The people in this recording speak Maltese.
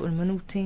fuq il-minuti.